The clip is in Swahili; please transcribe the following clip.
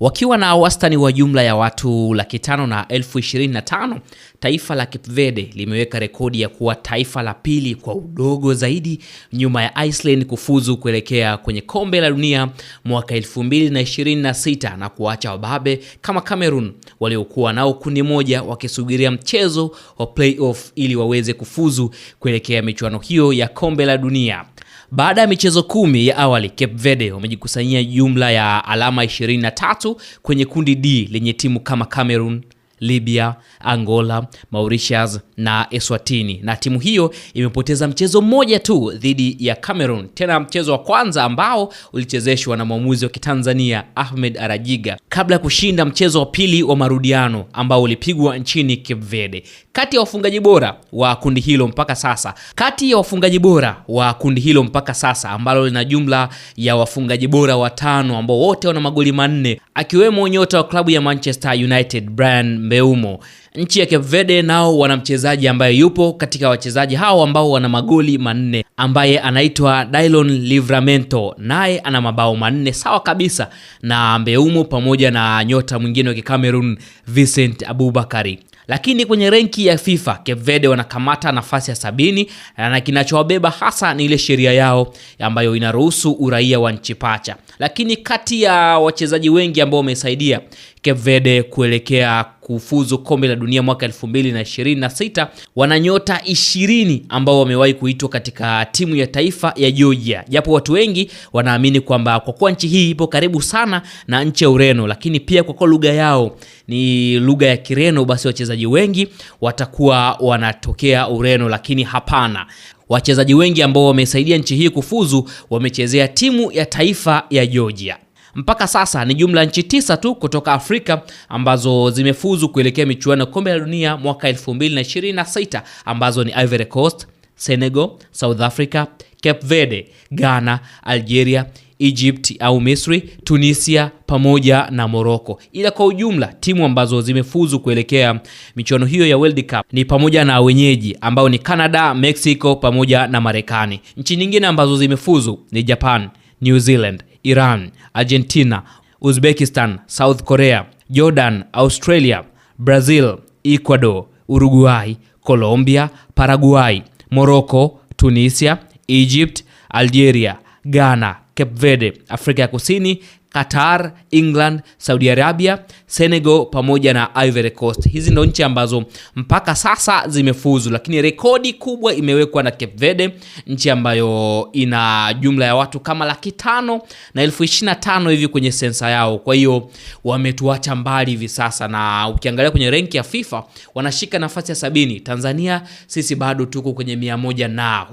Wakiwa na wastani wa jumla ya watu laki tano na elfu ishirini na tano taifa la Cape Verde limeweka rekodi ya kuwa taifa la pili kwa udogo zaidi nyuma ya Iceland kufuzu kuelekea kwenye kombe la dunia mwaka mbili na, na kuacha wababe kama Cameroon waliokuwa nao kundi moja wakisubiria mchezo wa playoff ili waweze kufuzu kuelekea michuano hiyo ya kombe la dunia. Baada ya michezo kumi ya awali, Cape Verde wamejikusanyia jumla ya alama 23 kwenye kundi D lenye timu kama Cameroon, Libya, Angola, Mauritius na Eswatini, na timu hiyo imepoteza mchezo mmoja tu dhidi ya cameron tena mchezo wa kwanza ambao ulichezeshwa na mwamuzi wa Kitanzania Ahmed Arajiga kabla ya kushinda mchezo wa pili wa marudiano ambao ulipigwa nchini kipvede Kati ya wafungaji bora wa kundi hilo mpaka sasa, kati ya wafungaji bora wa kundi hilo mpaka sasa ambalo lina jumla ya wafungaji bora watano ambao wote wana magoli manne, akiwemo nyota wa klabu ya Manchester United Brian Mbeumo. Nchi ya Cape Verde nao wana mchezaji ambaye yupo katika wachezaji hao ambao wana magoli manne ambaye anaitwa Dylon Livramento, naye ana mabao manne sawa kabisa na Mbeumo, pamoja na nyota mwingine wa Cameroon Vincent Abubakari lakini kwenye renki ya FIFA Cape Verde wanakamata nafasi ya sabini na kinachowabeba hasa ni ile sheria yao ambayo inaruhusu uraia wa nchi pacha. Lakini kati ya wachezaji wengi ambao wamesaidia Cape Verde kuelekea kufuzu kombe la dunia mwaka 2026 wana nyota 20 ambao wamewahi kuitwa katika timu ya taifa ya Georgia, japo watu wengi wanaamini kwamba kwa kuwa nchi hii ipo karibu sana na nchi ya Ureno, lakini pia kwa kuwa lugha yao ni lugha ya Kireno, basi wachezaji wengi watakuwa wanatokea Ureno, lakini hapana wachezaji wengi ambao wamesaidia nchi hii kufuzu wamechezea timu ya taifa ya Georgia. Mpaka sasa ni jumla nchi tisa tu kutoka Afrika ambazo zimefuzu kuelekea michuano ya kombe la dunia mwaka 2026 ambazo ni Ivory Coast, Senegal, South Africa, Cape Verde, Ghana, Algeria, Egypt au Misri, Tunisia pamoja na Morocco. Ila kwa ujumla timu ambazo zimefuzu kuelekea michuano hiyo ya World Cup ni pamoja na wenyeji ambao ni Canada, Mexico pamoja na Marekani. Nchi nyingine ambazo zimefuzu ni Japan, New Zealand, Iran, Argentina, Uzbekistan, South Korea, Jordan, Australia, Brazil, Ecuador, Uruguay, Colombia, Paraguay, Morocco, Tunisia, Egypt, Algeria, Ghana, Cape Verde, Afrika ya Kusini, Qatar, England, Saudi Arabia, Senegal pamoja na Ivory Coast. Hizi ndo nchi ambazo mpaka sasa zimefuzu, lakini rekodi kubwa imewekwa na Cape Verde, nchi ambayo ina jumla ya watu kama laki tano na elfu ishirini na tano hivi kwenye sensa yao. Kwa hiyo wametuacha mbali hivi sasa, na ukiangalia kwenye renki ya FIFA wanashika nafasi ya sabini. Tanzania sisi bado tuko kwenye mia moja na